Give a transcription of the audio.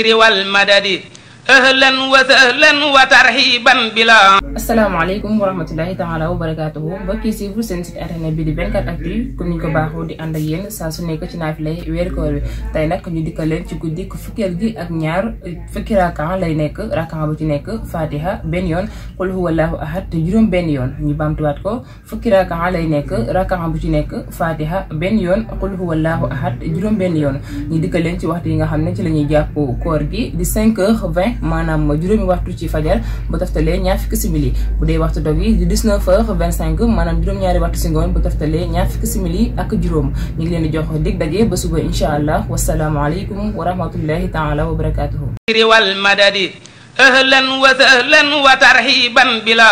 ذكر والمدد ahlan wa sahlan wa tarhiban bila asalaamaaleykum wa rahmatullahi taala wa barakaatuhu mbokki si vous seen site internet bi di 24actu comme ni ñu ko baaxoo di ànd ak yéen saa su nekk ci naafilay weeru koor bi tey nag ñu dikkal leen ci guddi fukkeel gi ak ñaar fukki rakan lay nekk rakan bu ci nekk fatiha benn yoon qul huwallahu ahad te juróom benn yoon ñu bamtuwaat ko fukki rakan lay nekk rakan bu ci nekk fatiha benn yoon qul huwallahu ahad yoon ñu dikkal leen ci waxtu yi nga xam ne ci lañuy ñuy jàpp koor gi di 5 heures matin maanaam juróomi waxtu ci fajar bu taftalee ñaar fukki simili bu dee waxtu dog yi di 19 heures 25 maanaam juróom-ñaari waxtu si ngoon bu ñaar fukki simili ak juróom ñu ngi leen di jox dig daje ba suba incha allah wasalaamualeykum wa rahmatullahi taala wa